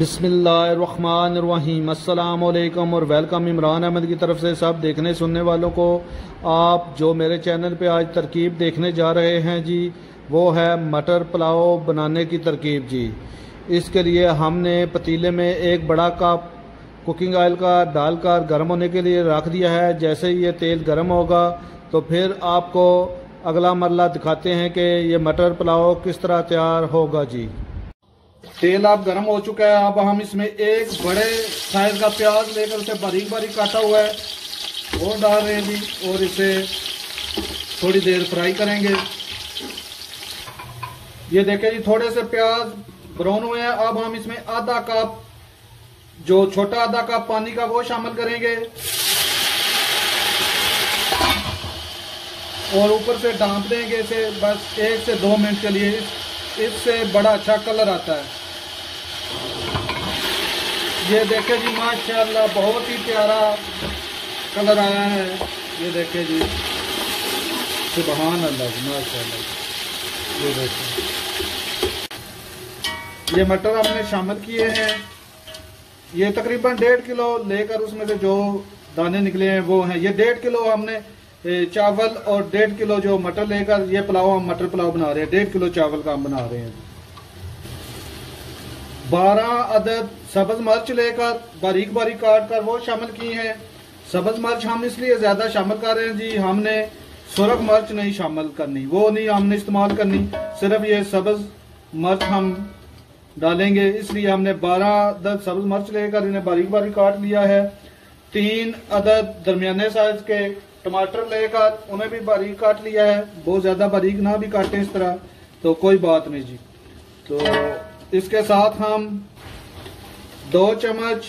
बिसमीम अल्लाम और वेलकम इमरान अहमद की तरफ से सब देखने सुनने वालों को आप जो मेरे चैनल पे आज तरकीब देखने जा रहे हैं जी वो है मटर पुलाव बनाने की तरकीब जी इसके लिए हमने पतीले में एक बड़ा कप कुकिंग ऑयल का डालकर गर्म होने के लिए रख दिया है जैसे ही ये तेल गर्म होगा तो फिर आपको अगला मरला दिखाते हैं कि ये मटर पुलाव किस तरह तैयार होगा जी तेल आप गर्म हो चुका है अब हम इसमें एक बड़े साइज का प्याज लेकर उसे बारीक बारीक काटा हुआ है वो डाल रहे हैं जी और इसे थोड़ी देर फ्राई करेंगे ये देखे जी थोड़े से प्याज ब्राउन हुए हैं अब हम इसमें आधा कप जो छोटा आधा कप पानी का वो शामिल करेंगे और ऊपर से डांप देंगे इसे बस एक से दो मिनट के लिए इससे बड़ा अच्छा कलर आता है ये देखे जी माशाल्लाह बहुत ही प्यारा कलर आया है ये देखे जी सुबहान अल्लाह माशाल्लाह ये देखे ये मटर हमने शामिल किए हैं ये तकरीबन डेढ़ किलो लेकर उसमें से जो दाने निकले हैं वो हैं ये डेढ़ किलो हमने चावल और डेढ़ किलो जो मटर लेकर ये पुलाव हम मटर पुलाव बना रहे हैं डेढ़ किलो चावल का हम बना रहे हैं बारह अदद सब्ज मर्च लेकर बारीक बारीक काट कर वो शामिल की हैं सब्ज मर्च हम इसलिए ज़्यादा शामिल कर रहे हैं जी हमने सुरख मर्च नहीं शामिल करनी वो नहीं हमने इस्तेमाल करनी सिर्फ ये सब्ज मर्च हम डालेंगे इसलिए हमने बारह अदद सब्ज मर्च लेकर इन्हें बारीक बारीक काट लिया है तीन अदद दरमियाने साइज के टमाटर लेकर उन्हें भी बारीक काट लिया है बहुत ज़्यादा बारीक ना भी काटे इस तरह तो कोई बात नहीं जी तो इसके साथ हम दो चम्मच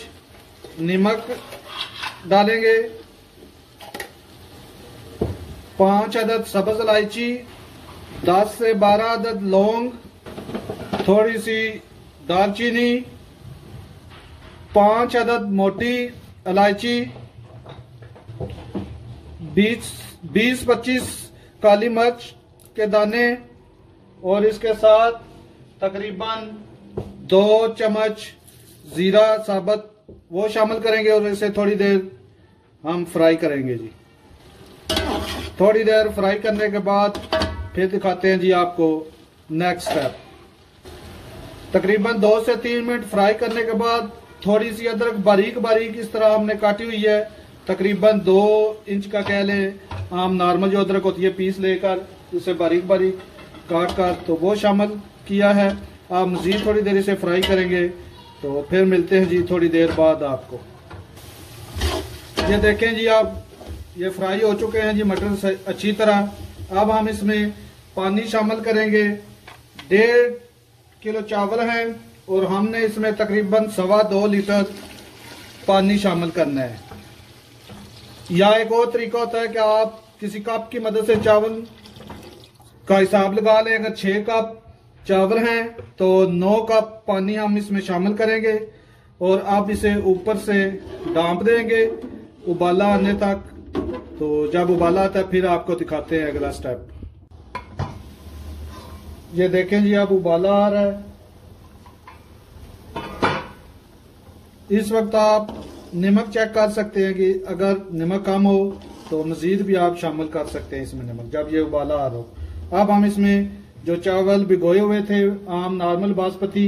नमक डालेंगे पांच अदद सब्ज इलायची दस से बारह अदद लौंग थोड़ी सी दालचीनी पांच अदद मोटी इलायची बीस बीस पच्चीस काली मिर्च के दाने और इसके साथ तकरीबन दो चम्मच जीरा साबत वो शामिल करेंगे और इसे थोड़ी देर हम फ्राई करेंगे जी थोड़ी देर फ्राई करने के बाद फिर दिखाते हैं जी आपको नेक्स्ट स्टेप तकरीबन दो से तीन मिनट फ्राई करने के बाद थोड़ी सी अदरक बारीक बारीक इस तरह हमने काटी हुई है तकरीबन दो इंच का कह लें हम नॉर्मल जो अदरक होती है पीस लेकर उसे बारीक बारीक काट कर तो वो शामिल किया है आप मज़ीद थोड़ी देर इसे फ्राई करेंगे तो फिर मिलते हैं जी थोड़ी देर बाद आपको ये देखें जी आप ये फ्राई हो चुके हैं जी मटर अच्छी तरह अब हम इसमें पानी शामिल करेंगे डेढ़ किलो चावल हैं और हमने इसमें तकरीबन सवा दो लीटर पानी शामिल करना है या एक और तरीका होता है कि आप किसी कप की मदद से चावल का हिसाब लगा लें अगर छः कप चावल हैं तो 9 कप पानी हम इसमें शामिल करेंगे और अब इसे ऊपर से डांप देंगे उबाला आने तक तो जब उबाला आता है फिर आपको दिखाते हैं अगला स्टेप ये देखें जी अब उबाला आ रहा है इस वक्त आप नमक चेक कर सकते हैं कि अगर नमक कम हो तो मजीद भी आप शामिल कर सकते हैं इसमें नमक जब ये उबाला आ रहा हो अब हम इसमें जो चावल भिगोए हुए थे आम नॉर्मल बासमती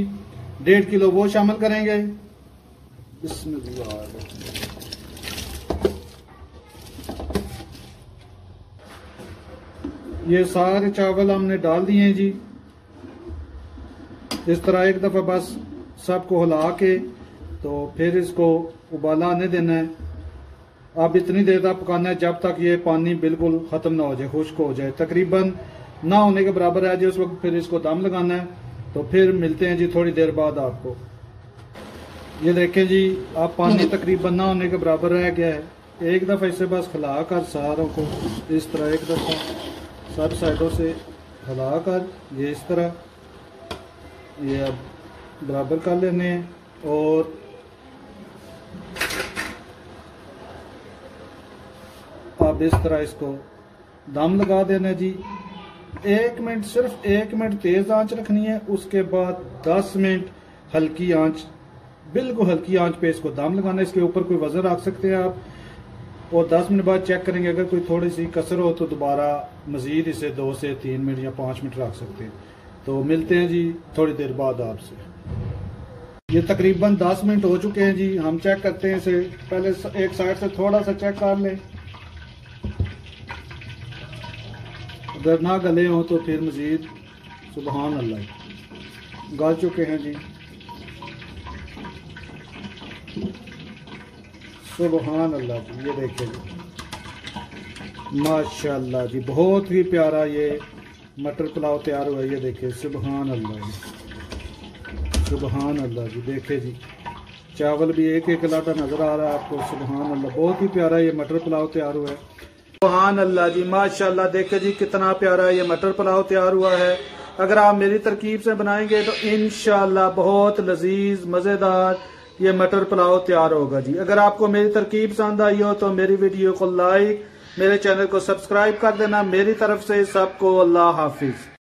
डेढ़ किलो वो शामिल करेंगे ये सारे चावल हमने डाल दिए हैं जी इस तरह एक दफ़ा बस सबको हिला के तो फिर इसको उबाला आने देना है अब इतनी देर तक पकाना है जब तक ये पानी बिल्कुल ख़त्म ना हो जाए खुश्क हो जाए तकरीबन ना होने के बराबर है जी उस वक्त फिर इसको दम लगाना है तो फिर मिलते हैं जी थोड़ी देर बाद आपको ये देखें जी आप पानी हम्म। तकरीबन ना होने के बराबर रह गया है एक दफ़ा इसे बस खिला कर सारों को इस तरह एक दफ़ा सब साइडों से खिला कर ये इस तरह ये अब बराबर कर लेने हैं और अब इस तरह इसको दम लगा देना जी एक मिनट सिर्फ एक मिनट तेज आंच रखनी है उसके बाद दस मिनट हल्की आंच बिल्कुल हल्की आंच पे इसको दाम लगाना है इसके ऊपर कोई वजन रख सकते हैं आप और दस मिनट बाद चेक करेंगे अगर कोई थोड़ी सी कसर हो तो दोबारा मजीद इसे दो से तीन मिनट या पांच मिनट रख सकते हैं तो मिलते हैं जी थोड़ी देर बाद आपसे ये तकरीबन दस मिनट हो चुके हैं जी हम चेक करते हैं इसे पहले एक साइड से थोड़ा सा चेक कर लें दरना गले हों तो फिर मज़ीद सुबहान अल्लाह गा चुके हैं जी सुबहान अल्लाह जी ये देखें जी माशाल्लाह जी बहुत ही प्यारा ये मटर पुलाव तैयार हुआ ये देखे सुबहान अल्लाह जी सुबहान अल्लाह जी देखे जी चावल भी एक एक लाटा नज़र आ रहा है आपको सुबहान अल्लाह बहुत ही प्यारा ये मटर पुलाव तैयार हुआ है सुबहान अल्लाह जी माशाल्लाह देखे जी कितना प्यारा ये मटर पुलाव तैयार हुआ है अगर आप मेरी तरकीब से बनाएंगे तो इन बहुत लजीज मज़ेदार ये मटर पुलाव तैयार होगा जी अगर आपको मेरी तरकीब पसंद आई हो तो मेरी वीडियो को लाइक मेरे चैनल को सब्सक्राइब कर देना मेरी तरफ से सबको अल्लाह हाफिज़